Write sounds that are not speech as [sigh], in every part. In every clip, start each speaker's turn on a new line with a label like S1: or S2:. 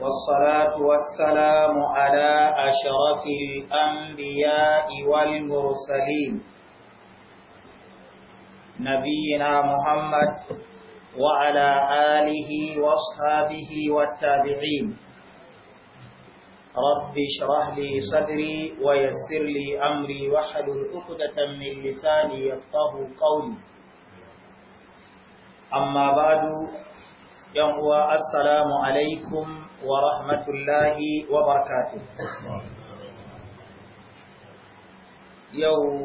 S1: والصلاة والسلام على أشرف الأنبياء والمرسلين نبينا محمد وعلى آله واصحابه والتابعين رب اشرح لي صدري ويسر لي أمري وحل الأقدة من لساني يفقه قولي أما بعد يوم السلام عليكم Wa ورحمة الله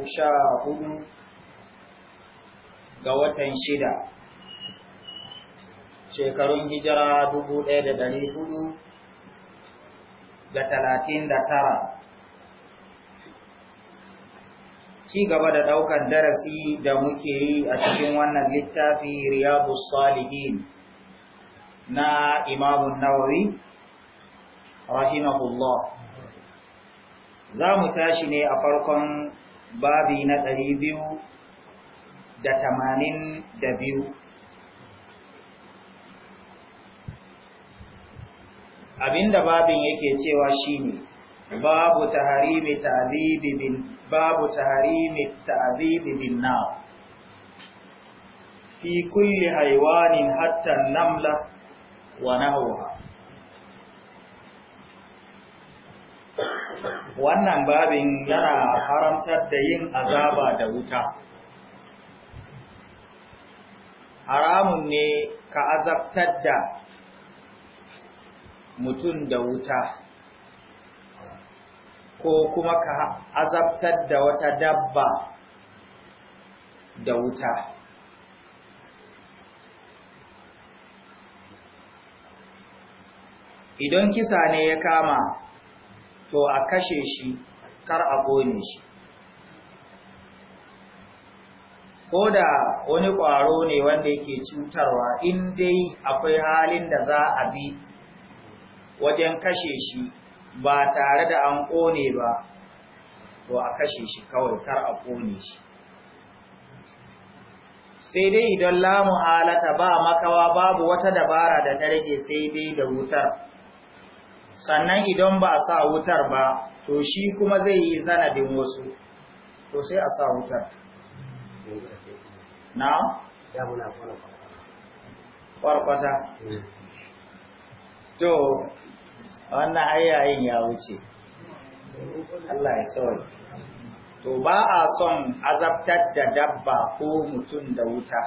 S1: sha hudu ga watan shida, shekarun hijira dubu ɗaya da ɗari hudu da talatin da tara ci gaba da ɗaukar darasi da muke yi a cikin wannan littafi riyadu salihin na imamu nawawi rahimahullah za mu tashi ne a farkon babi na ɗari biyu da tamanin da biyu abinda babin yake cewa shine babu taharimi ta'zibi bin babu taharimi ta'dhibi bin na fi kulli haywanin hatta namla ونهوها wannan babin yana haramtar da yin azaba da wuta haramun ne ka azabtar da mutum da wuta ko kuma ka azabtar da wata dabba da wuta idan kisa ne ya kama to a kashe shi kar a kone shi ko da wani ƙwaro ne wanda yake cutarwa in dai akwai halin da za a bi wajen kashe shi ba tare da an ƙone ba to a kashe shi kawai kar a ƙone shi sai dai idan lamu halata ba makawa babu wata dabara da ta rage sai dai da wutar sannan idan ba a sa wutar ba to shi kuma zai yi zanadin wasu to sai a sa wutar na? kwarkwata to wannan ayayin ya wuce Allah ya sauri to ba a son azabtar da dabba ko mutum da wuta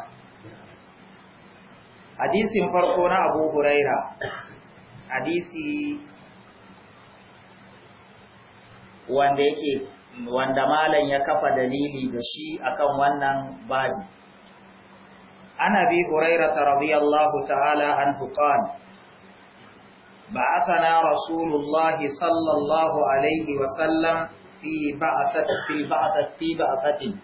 S1: hadisin farko na abu huraira hadisi wanda yake wanda malam ya kafa dalili da shi akan wannan babi an abi hurairah radiyallahu ta'ala anhu qala بعثنا رسول الله صلى الله عليه وسلم في بعثة في بعثة في بعثة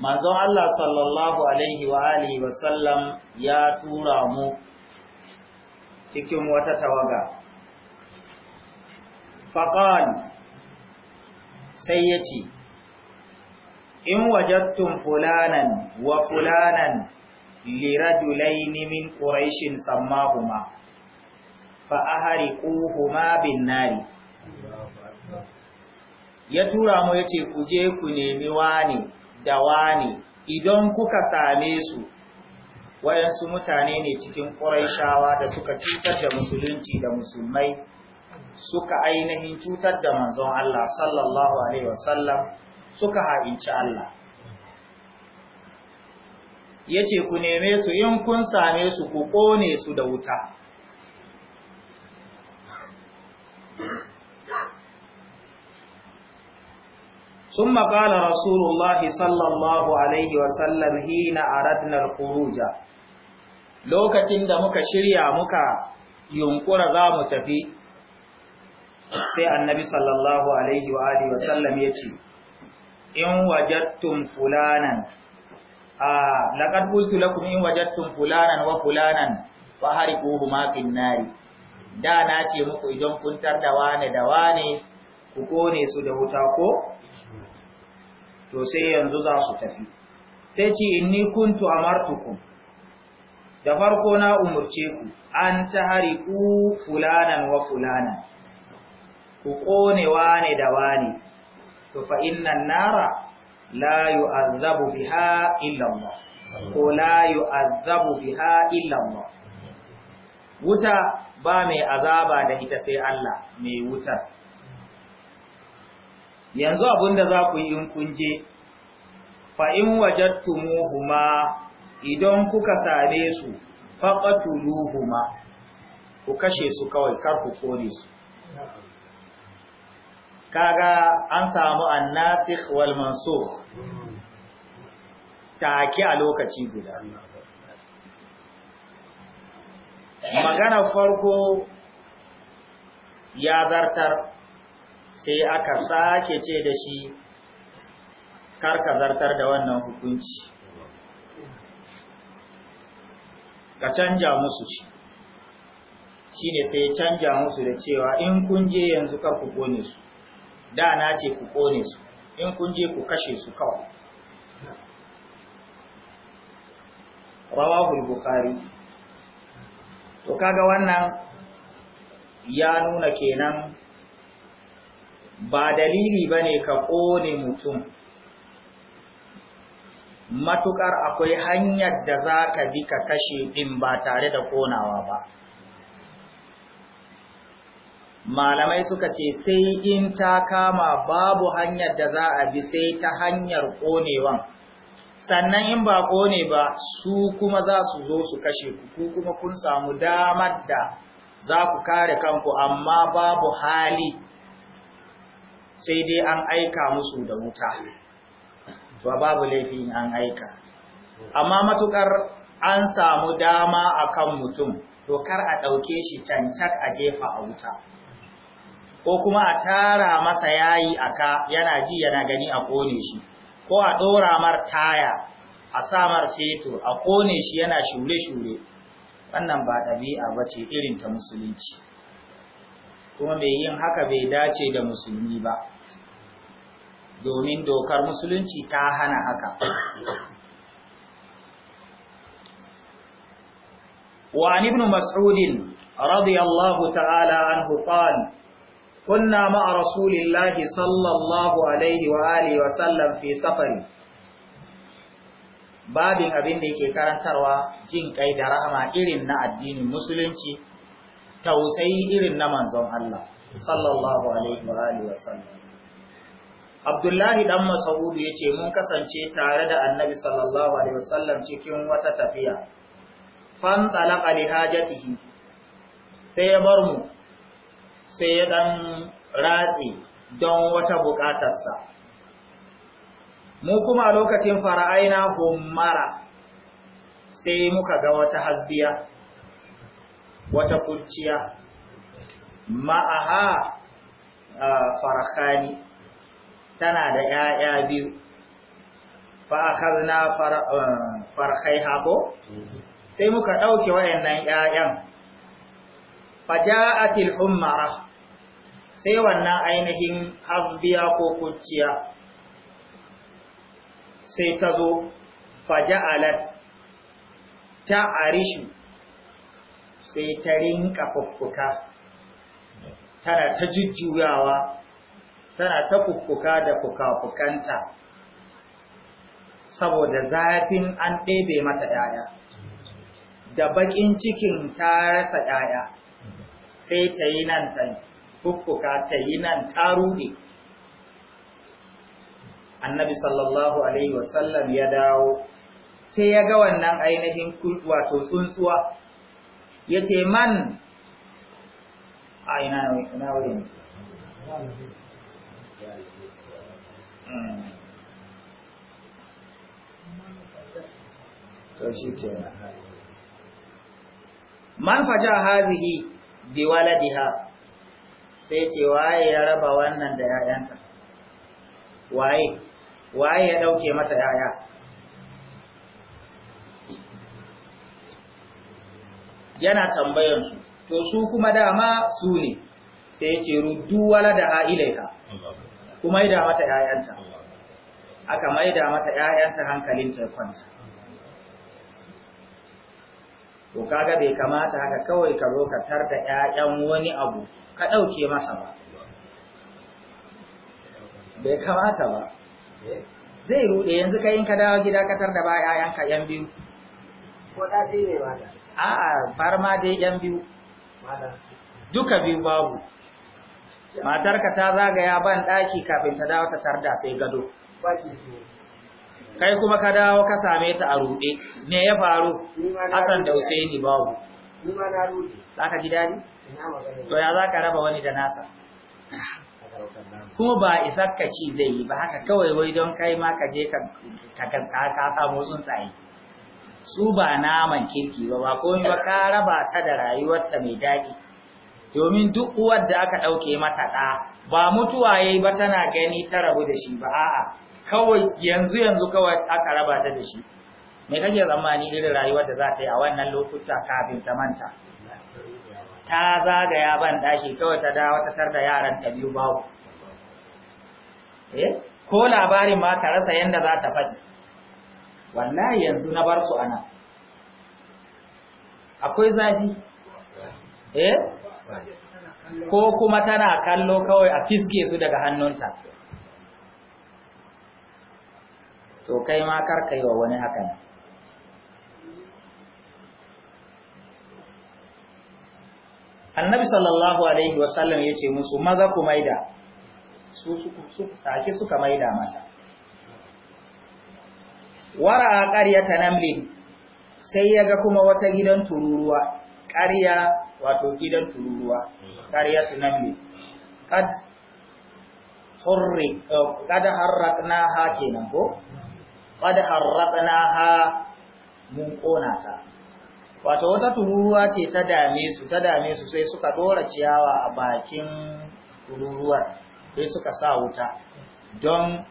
S1: manzon Allah sallallahu alaihi wa alihi wa sallam ya tura mu cikin wata tawaga faƙal sai ya ce in wajattun fulanan wa fulanan liradulaini min ƙuraishin sammahuma fa ahari ƙuhuma bin nari ya tura mu ya ce ku je ku nemi wani da wani idan kuka same su wayansu mutane ne cikin ƙuraishawa da suka cutar da musulunci da musulmai suka ainihin cutar da manzon Allah sallallahu alaihi wasallam suka ha'inci Allah Ya ce ku neme su in kun same su ku ƙone su da wuta sun maƙala Rasulullah sallallahu alaihi wasallam عليه وسلم حين Kuruja, lokacin da muka shirya muka yunkura za mu tafi sai annabi sallallahu alaihi wa alihi wa sallam ce, in wajattun fulanan a laqad qultu lakum in wajattun fulanan wa fulanan fahariquhu ma fin nari da na ce muku idan kun da wane da wane ku kone su da wuta ko to sai yanzu za su tafi sai ce inni kuntu amartukum da farko na umurce ku an tahariqu fulanan wa fulanan ku kone wane da wane to fa innan nara la yu'azzabu biha illa Allah ko la yu'azzabu biha illa Allah wuta ba mai azaba da ita sai Allah mai wutar yanzu abinda za ku yi in kunje fa in wajattumuhuma idan kuka sare su faqatuluhuma ku kashe su kawai kar ku kore su kaga an samu annatikh wal mansukh take a lokaci guda magana farko ya zartar sai aka sake ce da shi karka zartar da wannan hukunci ka canja musu shi shine sai canja musu da cewa in kun je yanzu ka ku su da na ce ku kone su in kun je ku kashe su kawai rawahul bukhari to kaga wannan ya nuna kenan ba dalili ba ne ka kone mutum matukar akwai hanyar da za ka bi ka kashe ɗin ba tare da konawa ba malamai suka ce sai in ta kama babu hanyar da za a bi sai ta hanyar ƙonewan sannan in ba kone ba su kuma za su zo su kashe ku kuma kun samu damar da za ku kare kanku amma babu hali sai dai an aika musu da wuta ba babu laifin an aika amma matukar an samu dama a kan mutum to kar a ɗauke shi cancak a jefa a wuta ko kuma a tara masa yayi aka yana ji yana gani a kone shi ko a ɗora mar taya a sa mar fetur a kone shi yana shure-shure wannan ba dabi'a bace irin ta musulunci kuma mai yin haka bai dace da musulmi ba domin dokar musulunci ta hana haka وعن ابن مسعود رضي الله تعالى عنه kunna ma'a rasulillahi sallallahu alaihi wa alihi wa sallam fi safari babin abin da yake karantarwa jin kai da rahama irin na addinin musulunci tausayi irin na manzon Allah sallallahu alaihi wa alihi wa sallam Abdullahi dan Mas'ud yace mun kasance tare da Annabi sallallahu alaihi sallam cikin wata tafiya. Fan talaqa li hajatihi. Sai ya bar mu sai ya ɗan ratsi don wata buƙatarsa. Mu kuma lokacin fara'aina mara, sai muka ga wata hasbiya, wata kurciya, ma'aha farakani tana da ‘ya'ya biyu, fa'akar na farkai hako, sai muka ɗauke nan ‘ya'yan, Fa ja’atil ummara. sai wannan ainihin hasbiya ko kuciya sai ta zo faja'alat ta arishu sai ta rinka fuffuka tana ta jujjuyawa tana ta fuffuka da fukafukanta saboda zafin an ɗebe mata ‘ya'ya da baƙin cikin ta rasa ‘ya'ya sai ta yi nan ta fuffuka ta yi nan ta ruɗe annabi sallallahu alaihi wasallam ya dawo sai ya ga wannan ainihin wato tsuntsuwa ya ce man a ina wurin hmm. man faja hazihi bi waladiha sai ce waye ya raba wannan da ‘ya'yanta waye waye ya ɗauke mata ‘ya'ya yana tambayansu to su kuma dama su ne sai ce rudduwala da ha'ilaika kuma yi da mata ‘ya'yanta aka maida mata ‘ya'yanta hankalin kwanta. to kaga bai kamata haka kawai ka zo ka tarda ƴaƴan wani abu ka ɗauke masa ba bai kamata ba zai rude yanzu kai in ka dawo gida ka tarda ba ka ƴan biyu ko da ne ba a'a far ma dai ƴan biyu duka biyu babu matarka ta zagaya ban ɗaki kafin ta dawo ta tarda sai gado kai kuma ka dawo ka same ta a rude. me ya faru Hassan da Husaini babu za ka ji daɗi to ya za ka raba wani da nasa kuma ba isakka ci zai yi ba haka kawai wai don kai ma ka je ka ka samu tsuntsaye su ba naman kirki ba ba komai ba ka raba ta da rayuwarta mai daɗi domin duk uwar da aka ɗauke mata ɗa ba mutuwa yayi ba tana gani ta rabu da shi ba a'a kawai yanzu yanzu kawai aka raba ta da shi me kake zamani irin rayuwar da za ta yi a wannan lokuta kafin ta manta ta zagaya ban dashi kawai ta dawo ta tar da yaran ta biyu babu eh ko labarin ma ta rasa yanda za ta faɗi wallahi yanzu na bar su ana akwai zafi
S2: eh ko
S1: kuma tana kallo kawai a fiske su daga hannunta to kai ma kar ka yi wa wani hakan annabi sallallahu alaihi wasallam ya ce musu maza ku maida su sake suka maida mata wara a ta namlin sai ya ga kuma wata gidan tururuwa ƙarya wato gidan tururuwa ta namlin kad na hake nan ko qad harraqnaha mun ƙona ta wato wata tururuwa ce ta dame su ta dame su sai suka ɗora ciyawa a bakin tururuwar sai suka sa wuta don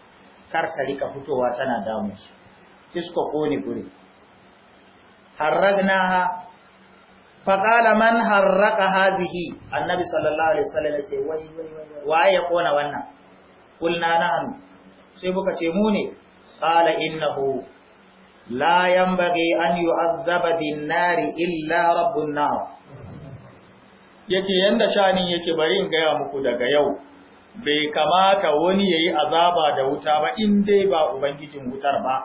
S1: karkari ka fitowa tana damu su sai kone guri faƙala man harraka hazihi annabi sallallahu alaihi wasallam ya ce wani. wai wai ya kona wannan kulna sai muka ce mu ne قال innahu لا ينبغي an yu'azzaba بالنار إلا illa النار yake yanda shanin yake bari in gaya muku daga yau bai kamata wani yayi azaba da wuta ba in dai ba ubangijin wutar ba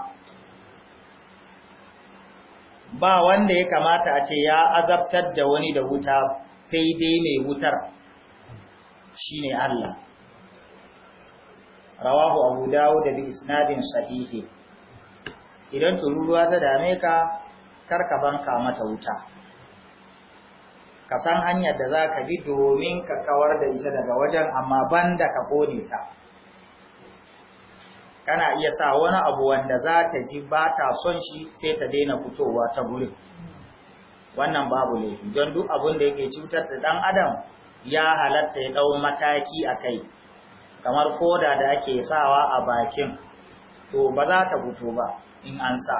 S1: ba wanda ya kamata a ce ya azabtar da wani da wuta sai dai mai wutar shine Allah rawahu abu dawo da isnadin sahihi idan tururuwa ta dame ka kar ka banka mata wuta ka san hanyar da za ka bi domin ka kawar da ita daga wajen amma banda ka kone ta kana iya sa wani abu wanda za ta ji ba ta son shi sai ta daina fitowa ta gurin wannan babu laifi don duk abin da yake cutar da dan adam ya halatta ya dau mataki a kai kamar koda da ake sawa a bakin to ba za ta fito ba in an sa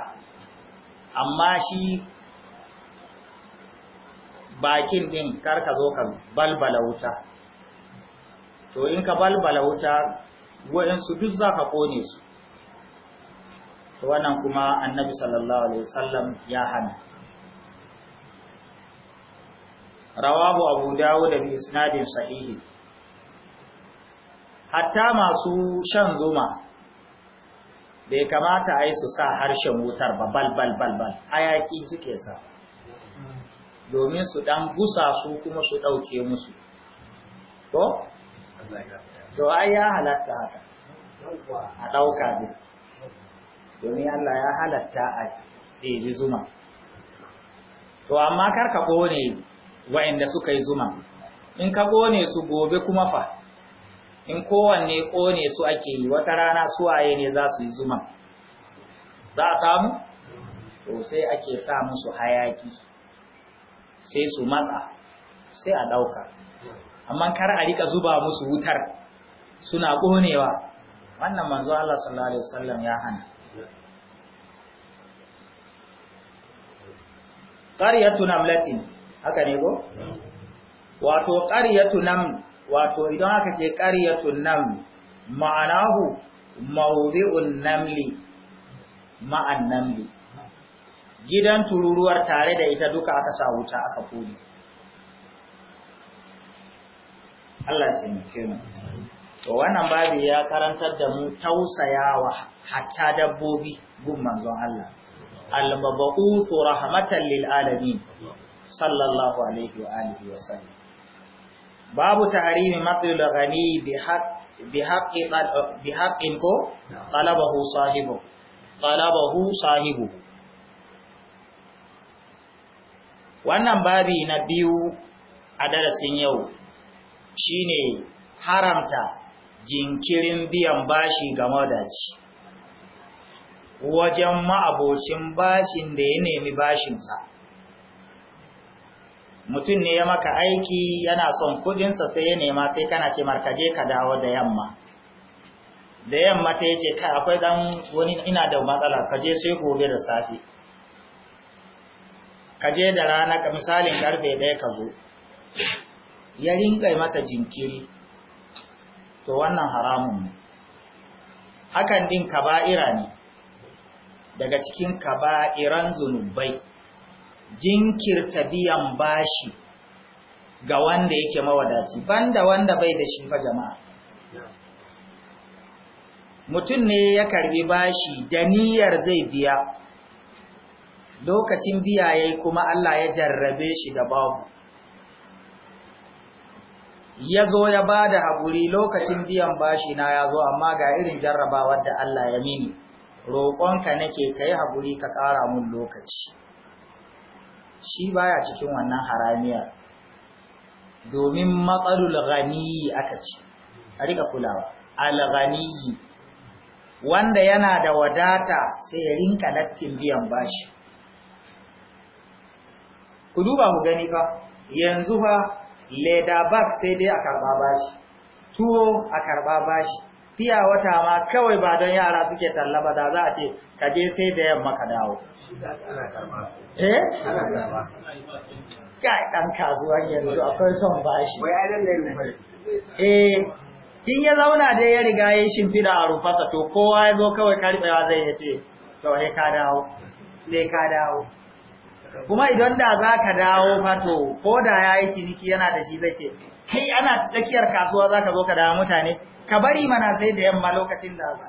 S1: amma shi bakin din karka zo ka balbala wuta to in ka balbala wuta waɗansu duk za ka kone su to wannan kuma annabi sallallahu alaihi wasallam ya hana rawahu abu dawud bi isnadin sahihi hatta masu shan zuma bai kamata a yi su sa harshen wutar ba bal bal bal hayaki suke sa domin su dan gusa su kuma su ɗauke musu ko? to ai ya halatta haka a ɗauka ne domin Allah ya halatta a ɗebi zuma to amma kar ka ƙone wa'inda suka yi zuma in ka kone su gobe kuma fa in kowanne kone su ake yi wata rana suwaye ne za su yi zuma za a samu to sai ake sa musu hayaki sai su matsa sai a ɗauka amma kar a rika zuba musu wutar suna konewa. wannan manzo Allah sallallahu alaihi wasallam ya hana qaryatu amlatin haka ne go wato qaryatu nam wato idan aka ce ƙaryatun namli ma'anahu mawdi'un namli ma'an namli gidan tururuwar tare da ita duka aka sa wuta aka kone Allah ya mai, mu to wannan babu ya karantar da mu tausayawa hatta dabbobi gun manzon Allah al-mabu'uthu rahmatan lil alamin sallallahu alaihi wa alihi wa sallam babu tahrimi matlul ghani bi haqqi ko talabahu sahibu wannan babi na biyu a darasin yau shine haramta jinkirin biyan bashi ga madaci wajen ma'abocin bashin da ya nemi bashinsa mutum ne ya maka aiki yana son kudinsa sai ya nema sai kana ce markaje ka dawo da yamma da yamma ta yace kai akwai dan wani ina da matsala kaje sai gobe da safe kaje da rana ka misalin karfe ɗaya ka zo ya rinka masa jinkiri to wannan haramun ne hakan din kaba'ira ne daga cikin kaba'iran zunubai jinkirta biyan bashi ga wanda yake mawadaci banda wanda bai da shi fa jama'a mutum ne ya karbi bashi da niyyar zai biya lokacin biya yayi kuma Allah ya jarrabe shi da babu ya zo ya ba da haƙuri lokacin biyan bashi na ya zo amma ga irin jarrabawar da Allah ya mini roƙonka nake ka yi haƙuri ka ƙara mun lokaci shi baya cikin wannan haramiyar domin matsalul ghaniyi aka ce a rika kulawa al-ghaniyi wanda yana da wadata sai ya rinka lattin biyan bashi ku duba mu gani fa yanzu fa leda bag sai dai a karba bashi tuwo a karba bashi fiya wata ma kawai ba don yara suke talla ba da za a ce ka je sai da yamma ka dawo eh kai dan kasuwar yanzu akwai son bashi eh in ya zauna dai ya riga ya shimfida a rufasa to kowa ya zo kawai karbewa zai ya ce to ne ka dawo sai ka dawo kuma idan da za ka dawo to ko da ya yi ciniki yana da shi zai ce kai ana tsakiyar kasuwa za ka zo ka dawo mutane ka bari mana sai da yamma lokacin da za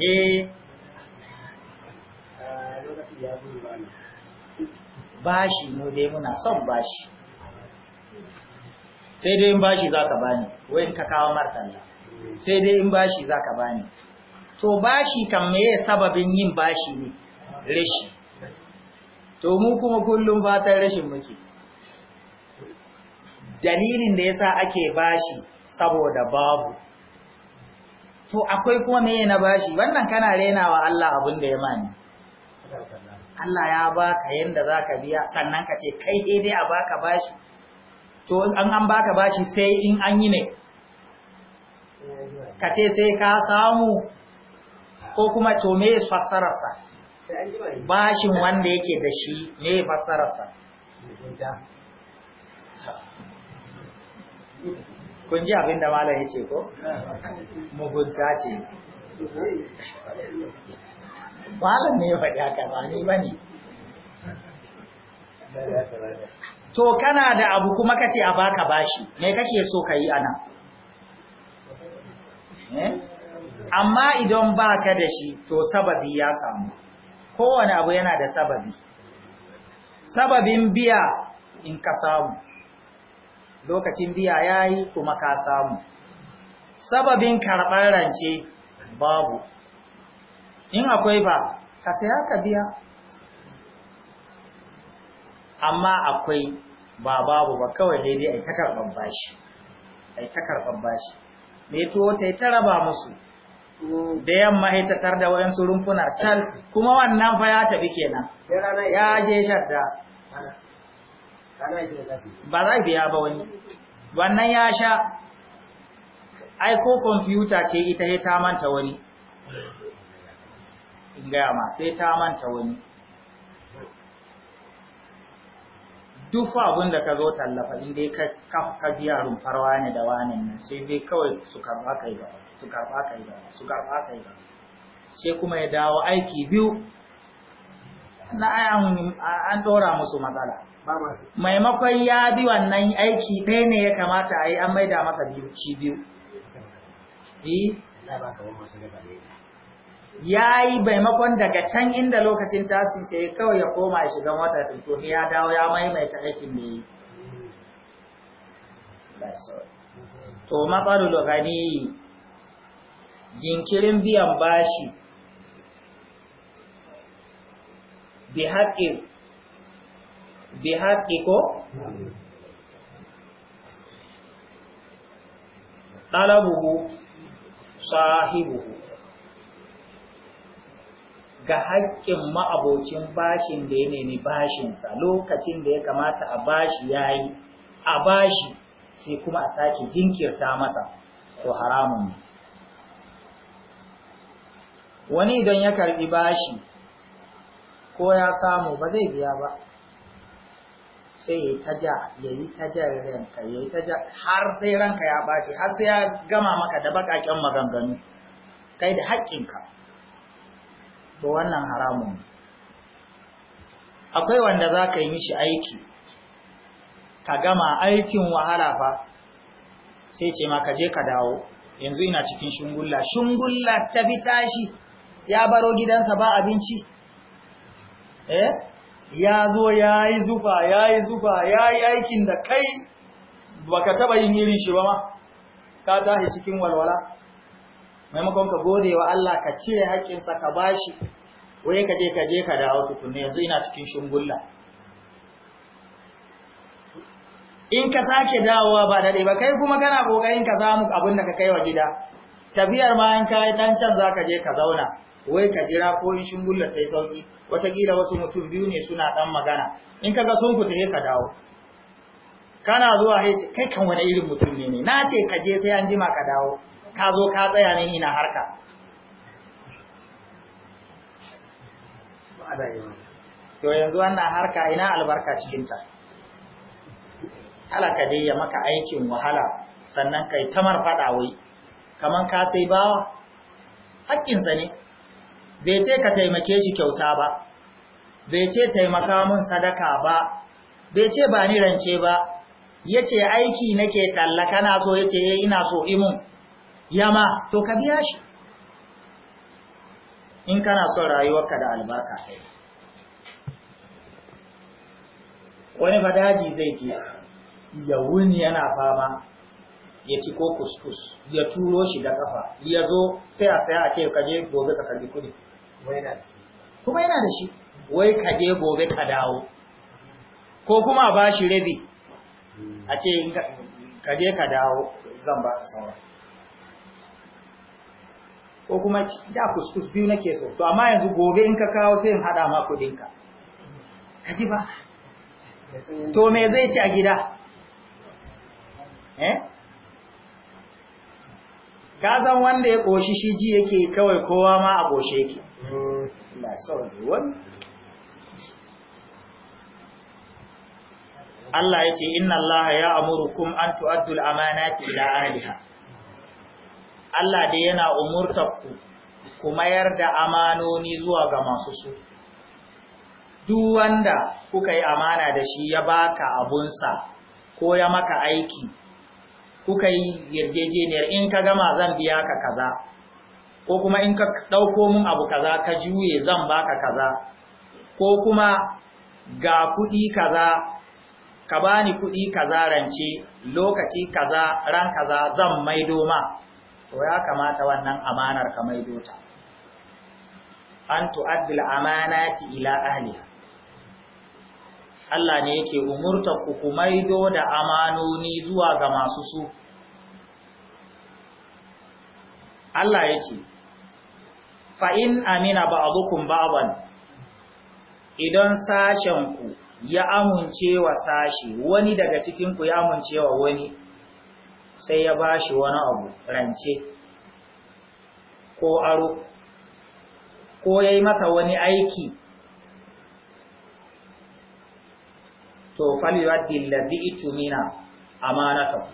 S1: eh bashi mu dai muna son bashi sai dai in bashi za ka bani wayan ka kawo martanna sai dai in bashi za ka bani to bashi kan meye sababin yin bashi ne rashi to mu kuma kullum fatan rashin muke dalilin da yasa ake bashi saboda babu to akwai kuma meye na bashi wannan kana renawa Allah abin da ya mani Allah ya baka yanda ka biya sannan ka ce kai dai dai a baka bashi to an an baka bashi sai in an yi ne ka ce sai ka samu ko kuma to me fassararsa bashin wanda yake da shi me fassararsa kun ji abin da malam ya ce ko mugunta ce malam ne ya faɗi haka ba ni ba ne to kana da abu kuma kace a baka bashi me kake so ka yi ana eh? amma idan baka da shi to sababi ya samu kowane abu yana da sababi sababin biya in ka samu lokacin biya yayi kuma ka samu sababin karɓar rance babu in akwai ba ka saya ka biya amma akwai ba babu ba kawai daidai a ta takarɓar bashi a ta takarɓar bashi mai tuwo ta yi ta raba musu da yamma ya da wayansu rumfunar can kuma wannan fa ya tafi kenan ya je shadda ba za biya ba wani wannan ya sha ai ko kwamfuta ce ita ya ta manta wani in gaya ma sai ta manta wani duk abin da ka zo tallafa in dai ka biya rumfar wane da wani nan sai dai kawai su karba kai ba su karba kai ba, su karba kai ba, sai kuma ya dawo aiki biyu na an dora musu matsala maimakon ya bi wannan aiki ɗaya ne ya kamata a yi an maida masa biyu shi biyu ya yi baimakon daga can inda lokacin tasin sai kawai ya koma ya shiga wata tuntuni ya dawo ya maimaita aikin da yi to matsalul gani jinkirin biyan bashi bi haƙi bi haƙi ko ɗalabuhu sahibuhu ga haƙƙin ma'abocin bashin da ya nemi bashinsa lokacin da ya kamata a bashi ya yi a bashi sai kuma a sake jinkirta masa ko haramun ne wani idan ya karbi bashi ko ya samu ba zai biya ba sai ya taja ya yi ranka ya yi taja har sai ranka ya ɓace, har sai ya gama maka da baƙaƙen maganganu kai da haƙƙinka to wannan haramun akwai wanda za ka yi mishi aiki ka gama aikin wahala fa sai ce ma ka je ka dawo yanzu ina cikin shungulla shungulla ta fi tashi ya baro gidansa ba abinci eh ya zo ya yi zufa ya yi zufa ya yi aikin da kai Ba ka taba yin irin shi ba ma ka tashi cikin walwala maimakon ka gode wa Allah ka cire haƙƙinsa ka bashi waye ka je ka je ka dawo tukunne, yanzu ina cikin shungulla in ka sake dawowa ba da ba kai kuma kana kokarin ka samu abin da ka kai wa gida tafiyar bayan ka kai dan can ka je ka zauna wai ka jira ko in shungulla ta yi sauki watakila wasu mutum biyu ne suna dan magana in kaga sun fita sai ka dawo kana zuwa sai kai kan wani irin mutum ne ne na ce ka je sai an jima ka dawo ka zo ka tsaya ne ina harka to yanzu wannan harka ina albarka cikinta halaka dai ya maka aikin wahala sannan kai tamar wai. kaman ka sai ba haƙƙinsa ne bai ce ka taimake shi kyauta ba bai ce taimaka mun sadaka ba bai ce ba ni rance ba yace aiki nake talla na so yace eh ina so imun yama to ka biya shi in kana son rayuwarka da albarka kai wani fadaji zai je ya wuni yana fama ya ci ko kuskus ya turo shi da kafa ya zo sai a tsaya a ce ka je gobe ka kalli kudi kuma yana da shi wai ka je gobe ka dawo ko kuma ba shi rabi a ce ka je ka dawo zan ba ka sauran ko kuma da kuskus biyu nake so to amma yanzu gobe in ka kawo sai in hada ma kudin ka kaji ba to me zai ci a gida eh ka zan wanda ya koshi shi ji yake kawai kowa ma a goshe yake Allah sauri wan Allah ya ce inna Allah ya amurukum an tu'addul amanati ila ahliha Allah dai yana umurtarku ku mayar da amanoni zuwa ga masu su duk wanda kuka yi amana da shi ya baka abunsa ko ya maka aiki kuka yi yarjejeniyar in ka gama zan biya ka kaza ko kuma in ka ɗauko min abu kaza ka juye zan baka kaza ko kuma ga kuɗi kaza ka bani kuɗi kaza rance lokaci kaza ran kaza zan maido ma to ya kamata wannan amanar ka maido ta an tu'addil amanati ila ahliha Allah ne yake umurta ku ku maido da amanoni zuwa ga masu su Allah yake fa in amina ba'dukum ba'dan idan sashen ku ya amince wa sashi wani daga cikin ku ya amince wa wani sai ya ba shi wani abu rance ko aro ko ya yi masa wani aiki to faliwaddi lazi itumina amanata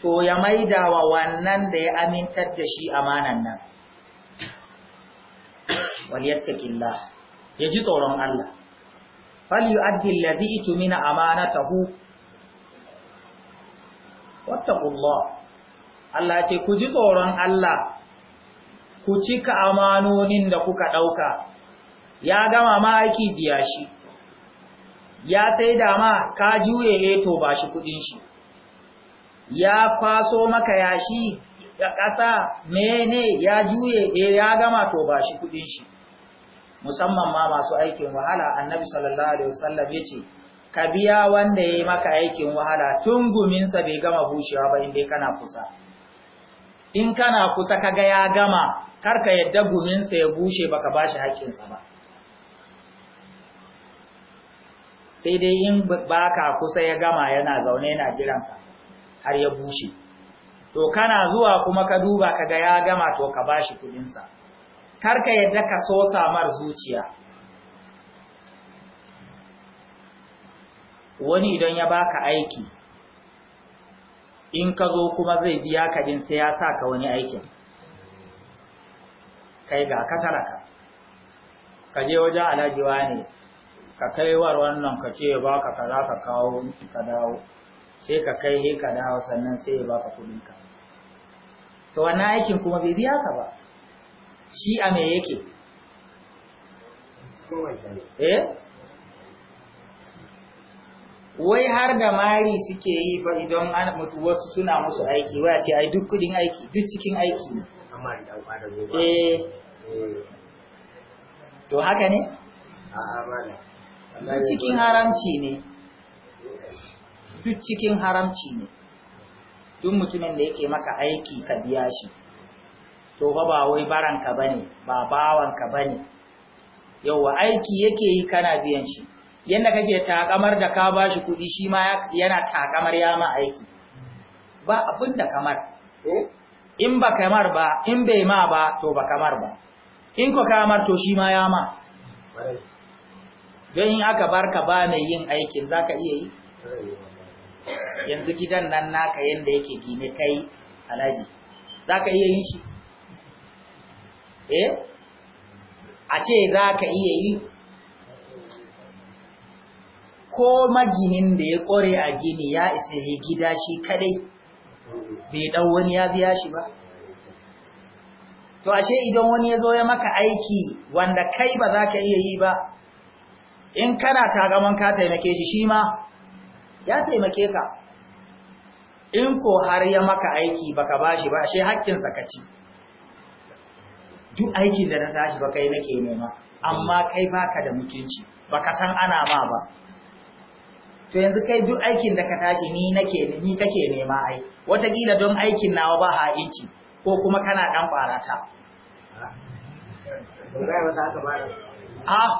S1: to ya maida wa wannan da ya amintar da shi amanan nan waliyattaqillah ya ji tsoron Allah falyu'addi allazi itumina amanatahu wattakullah Allah ce ku ji tsoron Allah ku cika amanonin da kuka ɗauka ya gama ma aiki biya shi ya da ma ka juye eto eh, ba shi kudin shi ya faso maka yashi ya ƙasa mene ya juye e ya gama to ba shi kudin shi musamman ma masu aikin wahala annabi sallallahu alaihi wasallam yace ka biya wanda ya yi maka aikin wahala tun guminsa bai gama bushewa ba inda kana kusa in kana kusa kaga ya gama karka yadda guminsa ya bushe baka ba shi haƙƙinsa ba sai dai in baka kusa ya gama yana zaune yana jiranka har ya bushe to kana zuwa kuma ka duba kaga ya gama to ka bashi kar karka yadda ka so samar zuciya wani idan ya baka aiki in ka zo kuma zai biya ka din sai ya sa ka wani aikin kai ga kasaraka ka je wajen alajiwa ne ka kaiwar wannan ka ce ba ka kaza ka kawo ka dawo sai ka kai he ka dawo sannan sai ya baka kudinka to wannan aikin kuma bai biya ka ba shi a me yake eh wai har da mari suke yi ba idan an mutu wasu suna musu aiki wai a ce ai duk kudin aiki duk cikin aiki eh to haka ne duk cikin haramci ne duk cikin haramci ne duk mutumin da yake maka aiki ka biya shi to ba ba wai baranka bane ba bawanka bane yauwa aiki yake yi kana biyan shi yanda kake takamar da ka bashi kuɗi shi ma yana takamar ya ma aiki ba abin da kamar eh? in ba kamar ba in bai ma ba to ba kamar ba in ko kamar to shi ma ya ma don in aka barka ba mai yin aikin za ka iya yi yanzu gidan nan naka yanda yake gine kai alhaji za ka iya yin shi eh a ce za ka iya yi ko maginin da ya kore a gini ya isa ya gida shi kadai bai ɗau wani ya biya shi ba to ashe idan wani ya zo ya maka aiki wanda kai ba za ka iya yi ba in kana tagaman ka taimake shi shi ma ya taimake ka in ko har ya maka aiki baka ba shi ba ashe haƙƙinsa ka ci duk aikin da na tashi ba kai nake nema amma kai baka da mutunci ka san ana ma ba to yanzu kai duk aikin da ka tashi ni nake ni kake nema ai wataƙila don aikin nawa ba ha'inci ko kuma kana ɗan ɓarata ah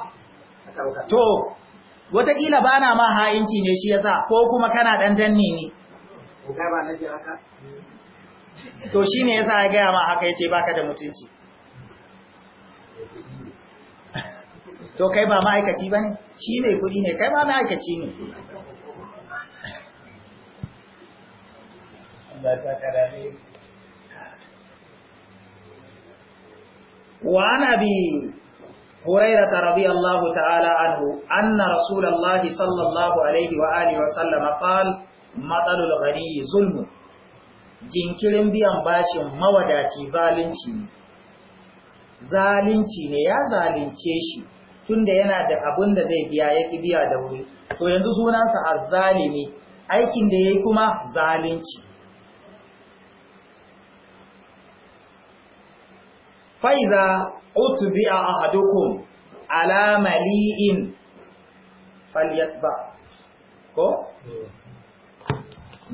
S1: to watakila ba na ma ha'inci ne shi yasa ko kuma kana ɗan danne ne to shi ne yasa ya gaya ma haka ya ce baka da mutunci to kai ba ma'aikaci ba ne shi ne kudi ne kai ma ma'aikaci ne
S2: baca karami.
S1: saka wa an hurairah ta'ala anhu anna rasulullah sallallahu alaihi wa alihi wa sallam qala matalul ghani zulm jinkirin biyan bashin mawadaci zalunci ne zalunci ne ya zalunce shi tunda yana da abun da zai biya ya biya da wuri to yanzu sunansa azzalimi aikin da yayi kuma zalunci faiza utubi a ahadukun alamali'in falyatba ko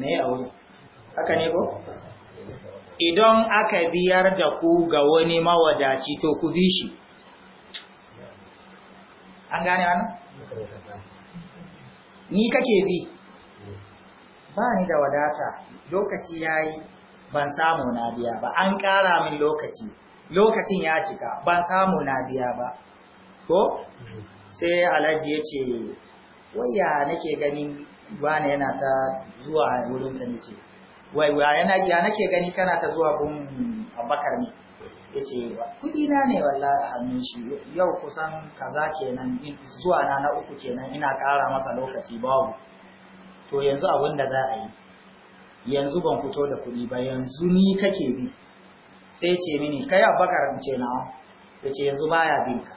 S1: ne a wuri aka ne ko idan aka biyar da ku ga wani mawadaci to ku bi shi an gane wani? ni kake bi ba ni da wadata lokaci ya yi ban samu na biya ba an ƙara min lokaci lokacin ya cika ban samu na biya ba ko sai alhaji ya ce waya nake ganin Bani yana ta zuwa wurin ta ne ce waya ya nake gani kana ta zuwa gun abakar ne ya ce kudi na ne walla a hannun shi yau kusan kaza kenan zuwa na na uku kenan ina kara masa lokaci babu to yanzu abin da za a yi yanzu ban fito da kudi ba yanzu ni kake bi sai ce mini kai abubakar ce na'am ya ce yanzu baya bin ka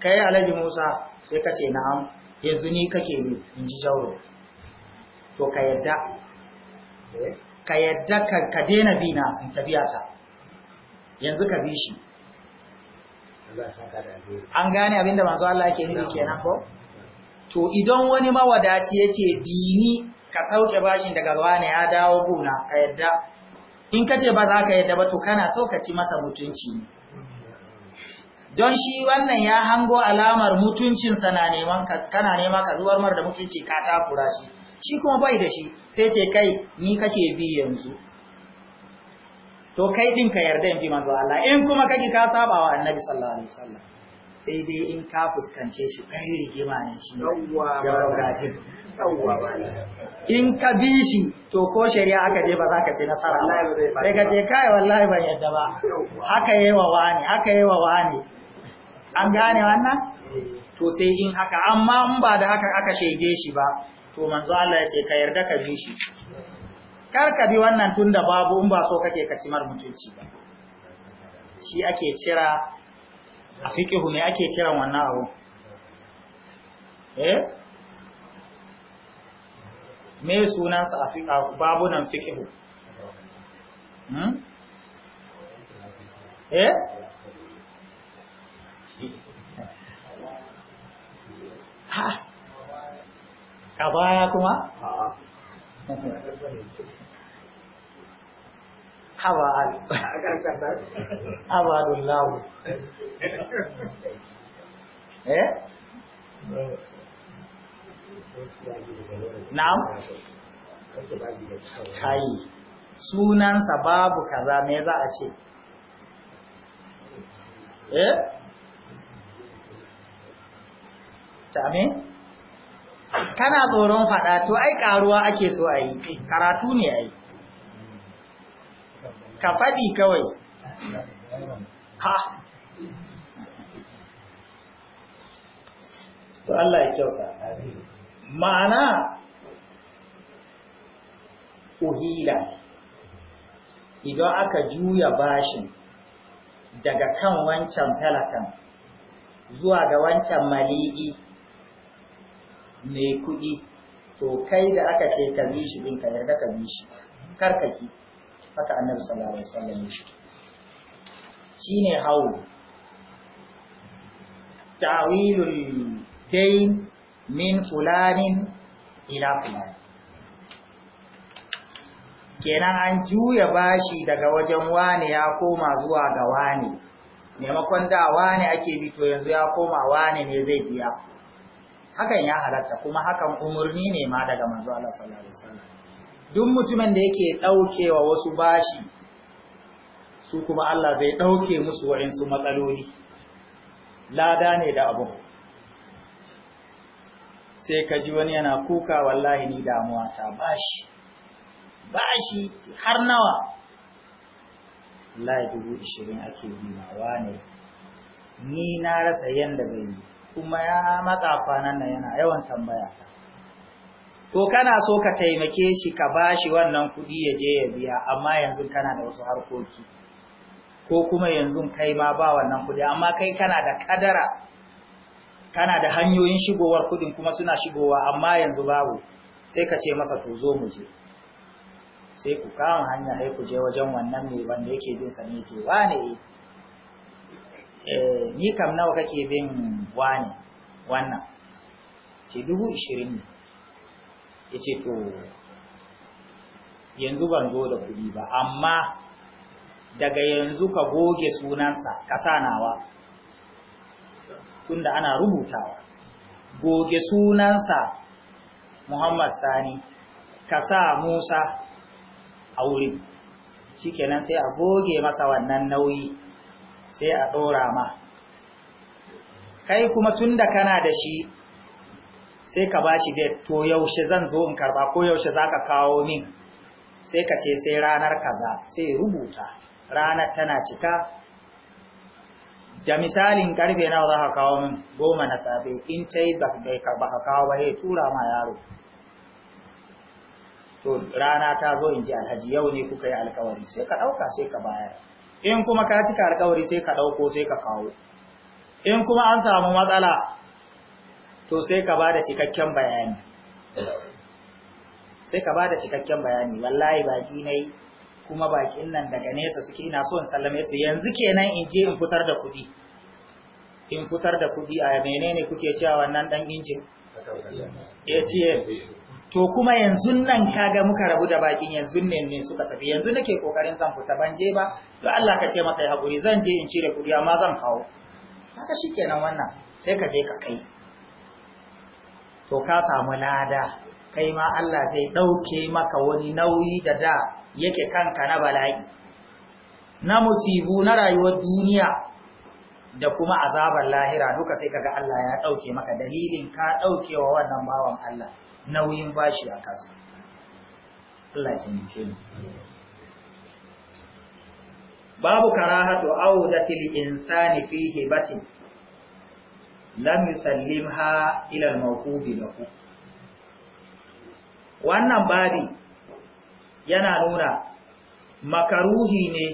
S1: kai alhaji musa sai ka ce na'am yanzu ni kake bi in ji jauro to ka yadda eh? ka yadda ka daina bi na in tafiya ta yanzu ka bi shi an gane abinda manzo Allah yake nufi kenan ko to idan wani mawadaci yace bi ni ka sauke bashin daga ruwa ne ya dawo guna ka yadda in ka ba za ka yadda ba to kana so ka ci masa mutunci don shi wannan ya hango alamar mutuncinsa na neman ka kana nema ka zuwar mar da mutunci ka takura shi shi kuma bai da shi sai ce kai ni kake bi yanzu to kai din ka yarda in ji manzo Allah in kuma kake ka saba wa annabi sallallahu alaihi wasallam sai dai in ka fuskance shi kai rigima ne shi yawwa jin in ka bi shi to ko shari'a aka je ba za ka ce nasara sai ka ce kai wallahi ban yadda ba haka yi wa wani haka yi wa wani an gane wannan eh. to sai in haka amma in ba da haka aka shege shi ba to manzo Allah ya ce ka yarda ka bi shi kar ka bi wannan tunda babu in ba so kake ka mar mutunci ba shi ake kira a fiqihu ne ake kiran wannan abu eh me sunansa a babunan fikihu hmm? eh ha ƙabaya kuma? haba abadullahu eh, eh. na'am kai sunansa babu kaza me za a ce eh ta me kana tsoron faɗa to ai ƙaruwa ake so a yi karatu ne a yi ka faɗi kawai ha Allah ya kyauta ma'ana uhila idan aka juya bashin daga kan wancan talakan zuwa ga wancan mali'i mai kuɗi to kai da aka ce ka bi shi ɗin ka yarda ka bi shi karkaki haka annabi sallallahu alaihi wasallam shi shine hawu ta'wilul dain min fulanin الى fulani kenan an juya bashi daga wajen wane ya koma zuwa ga wane maimakon da wane ake bi to yanzu ya koma wane ne zai biya hakan ya halatta kuma hakan umurni ne ma daga manzo Allah sallallahu alaihi wasallam duk mutumin da yake daukewa wasu bashi su kuma Allah zai dauke musu wa'insu matsaloli lada ne da abu sai ka ji wani yana kuka wallahi ni damuwa ta bashi bashi har nawa wallahi dubu ishirin ake bimawa ne ni na rasa yanda zai yi kuma ya matsa kwanan nan yana yawan tambaya ta to kana so ka taimake shi ka bashi wannan kuɗi ya je ya biya amma yanzu kana da wasu harkoki ko kuma yanzu kai ma ba wannan kuɗi amma kai kana da kadara kana da hanyoyin shigowar kudin kuma suna shigowa amma yanzu babu sai ka ce masa to zo mu je sai ku kama hanya sai ku je wajen wannan mai wanda yake bin sa ne ce wane eh? eh ni kam nawa kake bin wane wannan ce dubu ishirin ne ya ce to yanzu ban zo da kudi ba amma daga yanzu ka goge sunansa ka sanawa tunda ana rubutawa goge sunansa Muhammad Sani ka sa Musa a wurin shikenan sai a goge masa wannan nauyi sai a dora ma kai kuma tunda kana da shi sai ka bashi da to yaushe zan zo in karba ko yaushe zaka kawo min sai ka ce sai ranar kaza sai rubuta ranar tana cika da misalin karfe nawa za ka kawo min goma na safe in ta yi ba ka kawo ba ya tura ma yaro to rana ta zo in ji alhaji yau ne kuka yi alkawari sai ka ɗauka sai ka bayar in kuma ka cika alkawari sai ka ɗauko sai ka kawo in kuma an samu matsala to sai ka ba da cikakken bayani sai ka ba da cikakken bayani wallahi baki na yi kuma bakin nan daga nesa suke ina so in sallame su yanzu kenan in je in fitar da kuɗi in fitar da kuɗi a menene kuke cewa wannan dan injin ce to kuma yanzu nan kaga muka rabu da bakin yanzu ne ne suka tafi yanzu nake kokarin zan fita ban je ba to Allah ka ce masa ya hakuri zan je in cire kuɗi amma zan kawo haka shikenan wannan sai ka je ka kai to ka samu lada kai ma Allah zai ɗauke maka wani nauyi da da yake kanka na bala'i, na musibu na rayuwar duniya da kuma azabar lahira duka sai kaga Allah ya ɗauke maka dalilin ka ɗaukewa wannan bawan Allah nauyin bashi a kansa. Allah taimake mu. Babu karahatu audatil insani fi hibatin lam yusallimha ila al-mawqubi lahu. wannan babi yana nuna makaruhi ne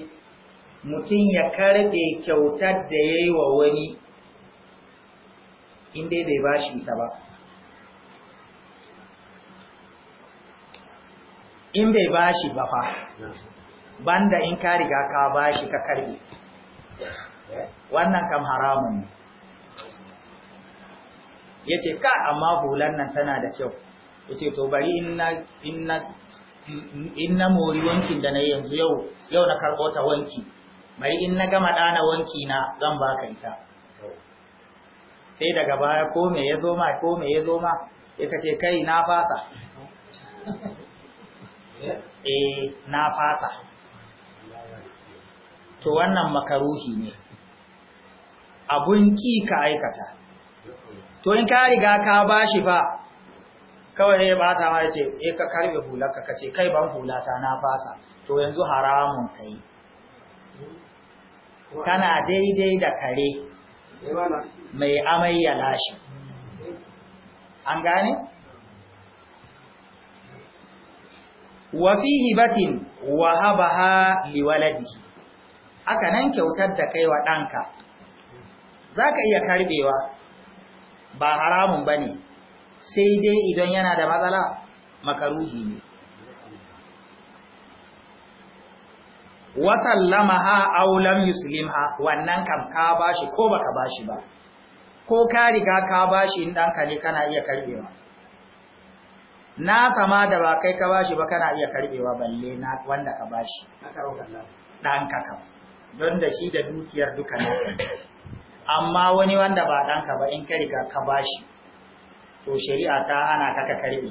S1: mutum ya karbe kyautar da ya yi wa wani inda bai ba shi ta ba in bai ba shi ba fa banda in ka riga ka ba shi ka karbe wannan kam haramun ne ya ce ka amma hular nan tana da kyau yace to bari inna inna inna mori wankin da na yanzu yau yau na karɓo ta wanki bari in na gama dana wanki na zan baka ita sai daga baya ko me ya zo ma ko me ya zo ma ya kace kai na fasa [laughs] eh na fasa to wannan makaruhi ne abun ki ka aikata to in ka riga ka bashi fa kawai ya bata ma ce, e, ka karbe hularka kace kai ban hulata na fasa to yanzu haramun kai kana daidai da kare mai amai ya lashi an gane wa fi batin wa habaha aka nan kyautar da kai wa ɗanka za ka iya karbewa ba haramun ba ne sai dai idan yana da matsala makaruhi ne wasallamaha aulam ha wannan kam ka bashi ko baka bashi ba ko ka riga ka bashi in ɗanka ne kana iya karɓewa. na sama da ba kai ka bashi ba kana iya karɓewa balle na wanda ka bashi ɗanka kam don da shi da dukiyar duka ne amma wani wanda ba ɗanka ba in ka riga ka bashi to shari'a ta ana kaka karbe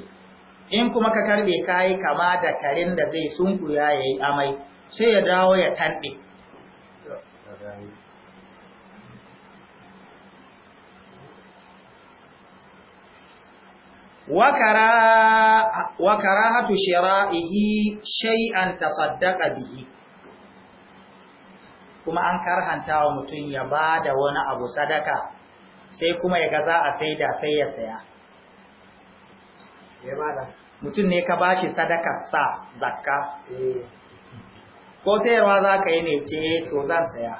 S1: in kuma ka karbe kayi kama da karin da zai ya yayi amai sai ya dawo ya tanɗe wakara hatu shira'ihi shay'an tasaddaqa bihi kuma an karhanta wa mutum ya ba da wani abu sadaka sai kuma ya ga za a saida sai ya saya mutum ne ka ba shi sadaka sa zakka eh. ko sayarwa za ka yi ne ce to zan saya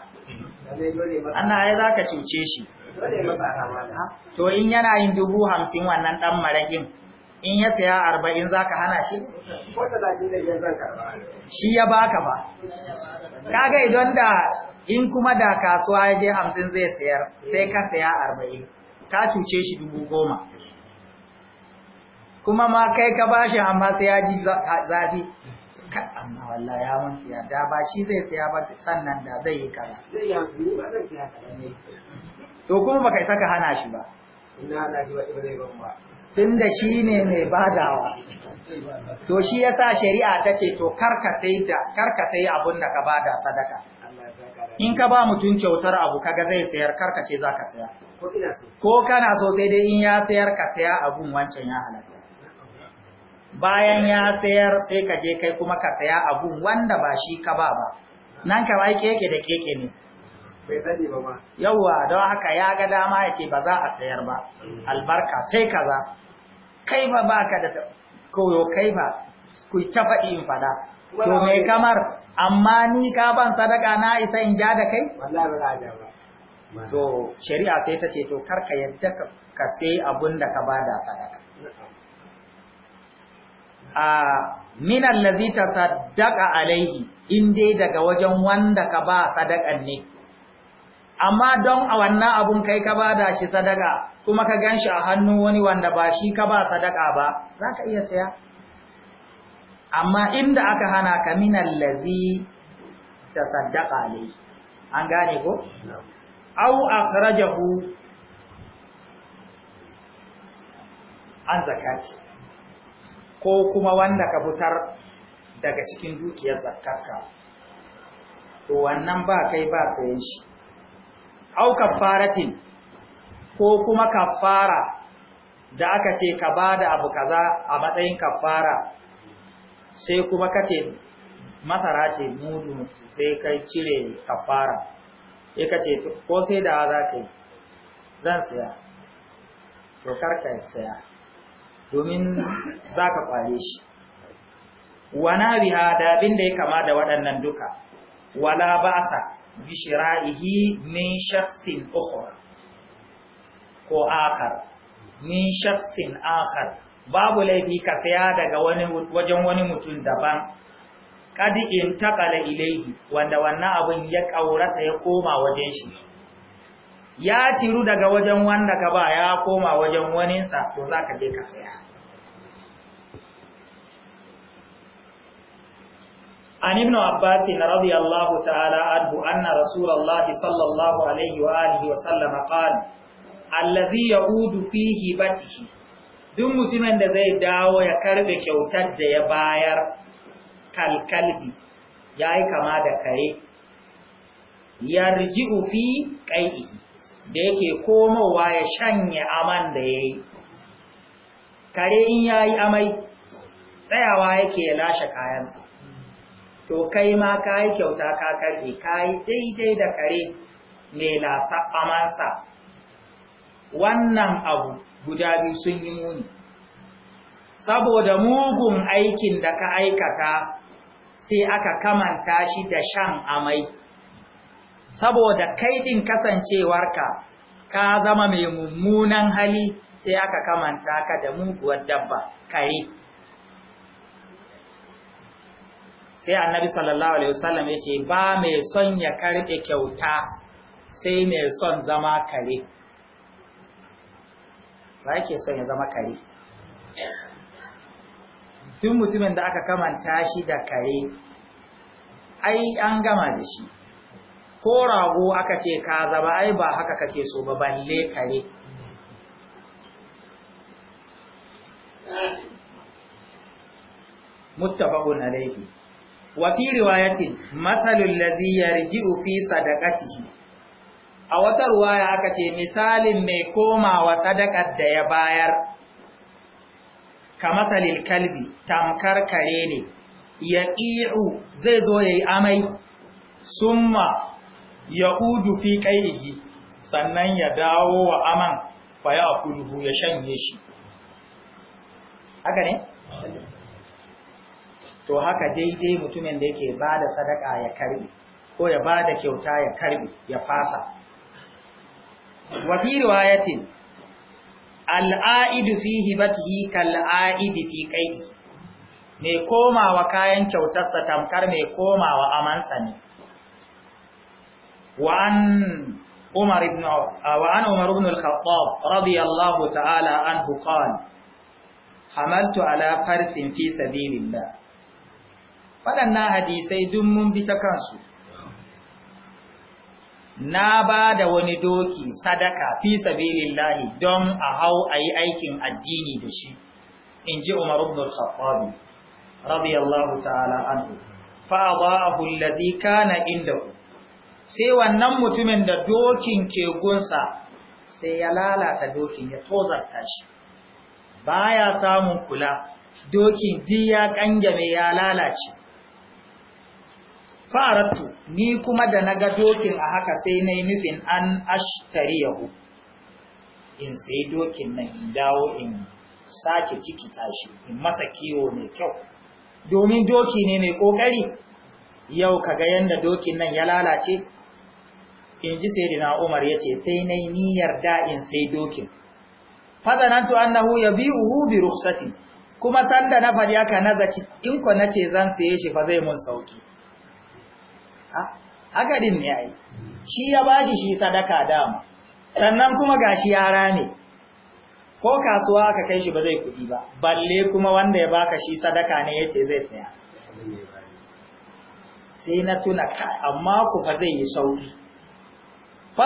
S1: ana ya za ka cuce shi to in yana yin dubu hamsin wannan dan maraƙin in ya saya arba'in za ka hana shi shi ya baka ba kaga idan da in kuma da kasuwa ya je hamsin zai sayar sai ka saya arba'in ka cuce shi dubu goma kuma ma kai ka bashi amma sai ya ji zafi amma wallahi ya mun ya da ba shi zai siya ba sannan da zai yi kaza to kuma baka saka hana shi ba
S2: ina da ba zai
S1: tunda shi ne mai badawa to shi ya sa shari'a ta ce to karka sai da karka abun da ka bada sadaka in ka ba mutum kyautar abu kaga zai sayar karka ce zaka saya ko kana so sai dai in ya sayar ka saya abun wancan ya halatta bayan ya sayar sai ka je kai kuma ka saya abun wanda ba shi ka ba ba nan ka wai keke da keke ne bai sani ba don haka ya ga dama yake ba za a sayar ba mm. albarka sai ka za kai ba baka da koyo kai ba ku ta faɗi in fada to me kamar amma ni ka ban sadaka na isa in ja da kai wallahi to shari'a sai ta ce to kar ka yadda ka sai abun da ka da sadaka a minan lazi ta sadaka alaihi in dai daga wajen wanda ka ba sadakan ne amma don a wannan abun kai ka ba da shi sadaka kuma ka gan shi a hannu wani wanda ba shi ka ba sadaka ba za ka iya saya amma inda aka hana ka minan lazi ta sadaka alaihi an gane ko? au akhrajahu an zakati ko kuma wanda ka fitar daga cikin dukiyar zakarka to wannan ba kai ba sayan shi au kafaratin ko kuma kafara da aka ce ka bada abu kaza a matsayin kafara sai kuma kace masara ce mudu sai kai cire kafara sai kace ko sai da za ka yi zan saya to karka saya domin za ka kware shi wana biha da abin da ya kama da waɗannan duka wala ba'sa bi shira'ihi min shafsin ukhra ko akhar min shafsin akar, babu laifi ka saya daga wajen wani mutum daban kadi in taƙala ilaihi wanda wannan abin ya ƙaurata ya koma wajen shi ya ciru daga wajen wanda ka ba ya koma wajen waninsa to za ka je ka saya an ibn na radiyallahu ta'ala anhu anna rasulullah sallallahu alaihi wa alihi wa allazi yaudu fi hibatihi duk mutumin da zai dawo ya karbe kyautar da ya bayar kalkalbi yayi kama da kare yarji'u fi qai'i da yake komowa ya shanye aman da ya yi kare in ya yi amai tsayawa yake ya lashe kayansa to kai ma ka yi kyauta ka karfe ka yi daidai da kare mai lasa amansa wannan abu guda biyu sun yi muni saboda mugun aikin da ka aikata sai aka kamanta shi da shan amai saboda kai din kasancewarka ka zama mai mummunan hali sai aka kamanta ka da muguwar dabba kare sai annabi sallallahu alaihi wasallam ya ce ba mai son ya karbe kyauta sai mai son zama kare ba yake son ya zama kare duk mutumin da aka kamanta shi da kare ai an gama da shi ko rago aka ce ka zama ai ba haka kake so ba balle kare muttafaqun alayhi wa fi riwayatin mathalul ladhi yarji'u fi sadaqatihi a wata ruwaya aka ce misalin mai komawa sadakar da ya bayar talil kalbi tamkar kare ne yaqi'u zai zo yayi amai summa ya udu fi ƙainihi sannan ya dawo wa aman fa ya kulhu ya shanye shi haka ne? to haka daidai mutumin da yake ba da sadaka ya karbi ko ya ba da kyauta ya karbi ya fasa wafi riwayatin al'aidu fi hibatihi kal'aidu fi ƙaidi mai komawa kayan kyautarsa tamkar mai komawa amansa ne وعن عمر بن وعن عمر بن الخطاب رضي الله تعالى عنه قال حملت على فرس في سبيل الله waɗannan hadisai duk mun bi ta kansu na ba da wani doki sadaka fi sabilillahi don a hau a yi aikin addini da shi in ji umar ibn al-khattabi radiyallahu ta'ala anhu fa adahu allazi kana indahu sai wannan mutumin da dokin ke gunsa sai ya lalata dokin ya tozarta shi Ba ya samun kula dokin diya ya kanjame ya lalace faratu ni kuma da naga dokin a haka sai nayi nufin an ashtari yahu in sai dokin nan in dawo in sake ciki tashi in masa kiwo mai kyau domin doki ne mai kokari yau kaga yadda dokin nan ya lalace in ji sayyidina Umar yace sai nayi niyyar da'in sai dokin fadanantu annahu ya bi rukhsati kuma sanda na fadi aka nazaci in ko na ce zan saye shi fa zai mun sauki ha haka din ne ai shi ya bashi shi sadaka dama sannan kuma gashi yara ne ko kasuwa aka kai shi ba zai kudi ba balle kuma wanda ya baka shi sadaka ne yace zai tsaya sai na tuna amma ku fa zai yi sauki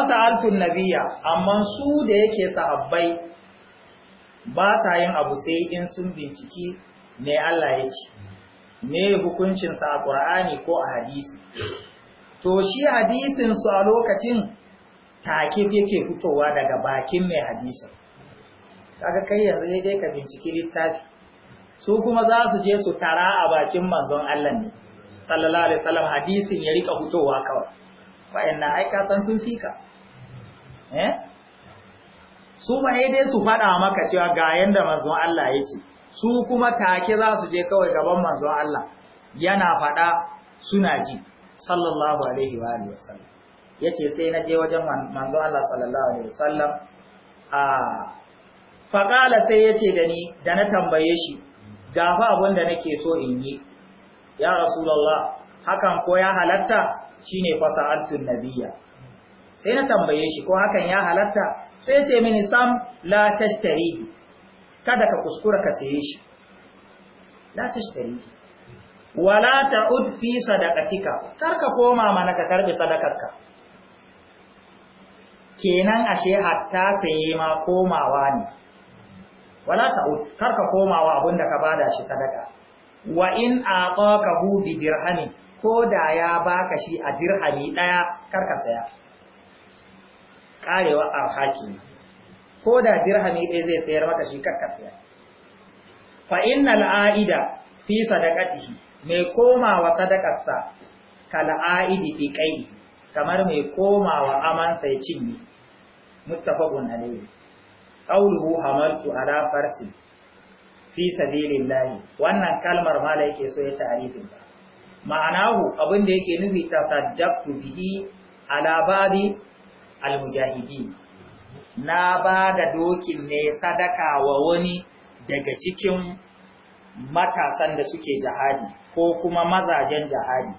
S1: altun nabiya amma su da yake sahabbai ba ta yin abu sai in sun binciki ne Allah ya ce Ne hukuncinsa a ƙur'ani ko a hadisi to shi hadisin su a lokacin take yake fitowa daga bakin mai hadisin kaga kai yanzu dai ka binciki littafi su kuma za su je su tara a bakin manzon Allah ne sallallahu alaihi wasallam hadisin ya rika fitowa kawai wayannan ai ka san sun fi ka. Eh? su ma dai su faɗa maka cewa ga yanda manzon Allah ya ce su kuma take za su je kawai gaban manzon Allah yana faɗa suna ji sallallahu alaihi wa sallam. wasallam ce sai na je wajen manzon Allah sallallahu alaihi wasallam a faƙala sai yace da ni da na tambaye shi gafa abin da nake so in yi ya Rasulallah, hakan ko ya halatta shine fasa'altun nabiyya sai na tambaye shi ko hakan ya halatta sai ce mini sam la tashtarihi kada ka kuskura ka saye shi la tashtarihi wala ta'ud fi sadaqatika kar ka koma mana ka karbi sadakarka kenan ashe hatta saye ma komawa ne wala ta'ud kar ka komawa abinda ka bada shi sadaka wa in aqaka bi dirhamin ko da ya baka shi a dirhami ɗaya karka saya ƙarewa arhaki ko da dirhami ɗaya zai sayar maka shi karka saya fa innal aida fi sadaqatihi mai komawa sadakarsa kal aidi fi qaidi kamar mai komawa amansa ya cinye muttafaqun alayhi qawluhu hamaltu ala farsi fi sabilillahi. wannan kalmar mala yake so ya ta'arifin ta ma'anahu abin da yake nufi ta saddaqtu bihi ala ba'di almujahidi na ba da dokin ne sadaka wa wani daga cikin matasan da suke jihadi ko kuma mazajen jihadi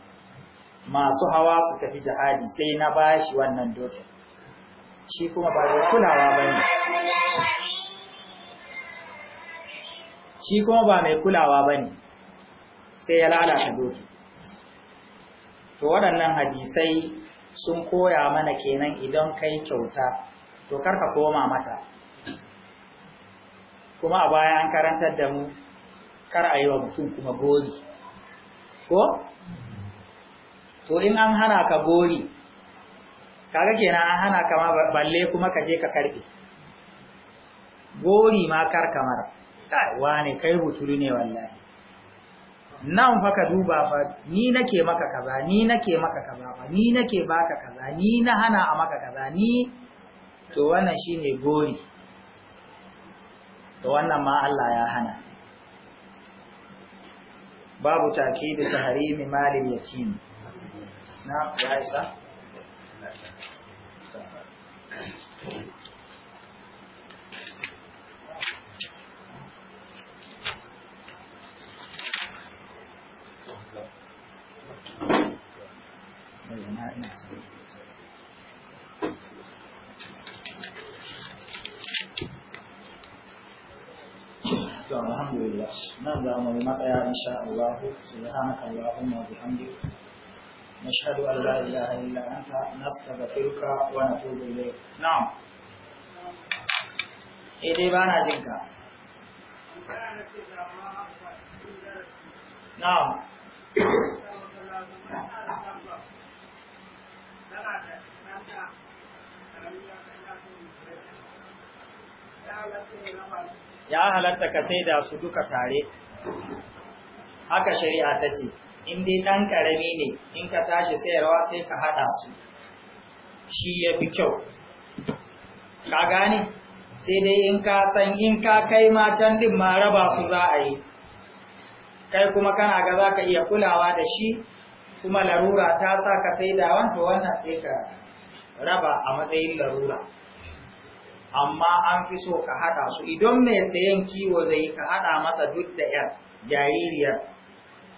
S1: masu hawa su tafi jihadi sai na bashi wannan dokin shi kuma ba da kulawa ba ne shi kuma ba mai kulawa ba ne sai ya lalata dokin to waɗannan hadisai sun koya mana kenan idan kai kyauta to karka koma mata kuma a baya an karantar da mu kar a yi wa mutum kuma gori ko? to in an hana ka gori kaga kenan an hana ka balle kuma ka je ka karbe gori ma kar kamar wane kai hutu ne wallahi nan fa ka duba fa ni nake maka kaza ni nake maka kaza fa ni nake baka kaza ni na hana a maka kaza ni to wannan shine gori to wannan ma Allah ya hana babu ta tahrimi malil yatim na ya isa الله سبحانك اللهم وبحمدك نشهد أن لا إله إلا أنت نستغفرك ونتوب إليك نعم إيدي بانا جنكا نعم يا halatta ka sai تاريخ haka shari'a ta ce in dai ɗan ƙarami ne in ka tashi sayarwa sai ka haɗa su shi ya fi kyau ka gane sai dai in ka san in ka kai matan ɗin ma raba su za a yi kai kuma kana ga za ka iya kulawa da shi kuma larura ta sa ka sai da wanda wannan sai ka raba a matsayin larura amma an fi so ka haɗa su idan mai sayan kiwo zai ka haɗa masa duk da 'yar jaririyar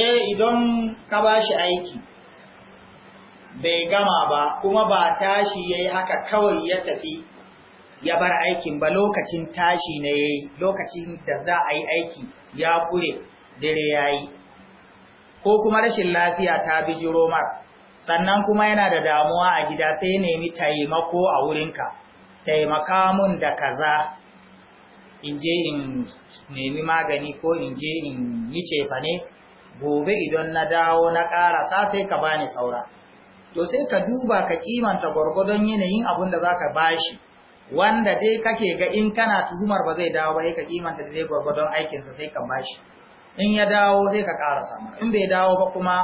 S1: eh idan ka ba shi aiki bai gama ba kuma ba tashi ya yi haka kawai ya tafi ya bar aikin ba lokacin tashi ne ya lokacin da za a yi aiki ya kure dare ya yi ko kuma rashin lafiya ta bijiro mar sannan kuma yana da damuwa a gida sai nemi taimako a wurinka taimaka mun da kaza in je in nemi magani ko in je in yi cefane gobe idan na dawo na sa sai ka bani saura to sai ka duba ka kimanta gwargwadon yanayin abin da za ka bashi wanda dai kake ga in kana tuhumar ba zai dawo ba sai ka kimanta zai gwargwadon aikinsa sai ka bashi in ya dawo sai ka ƙarasa ma in bai dawo ba kuma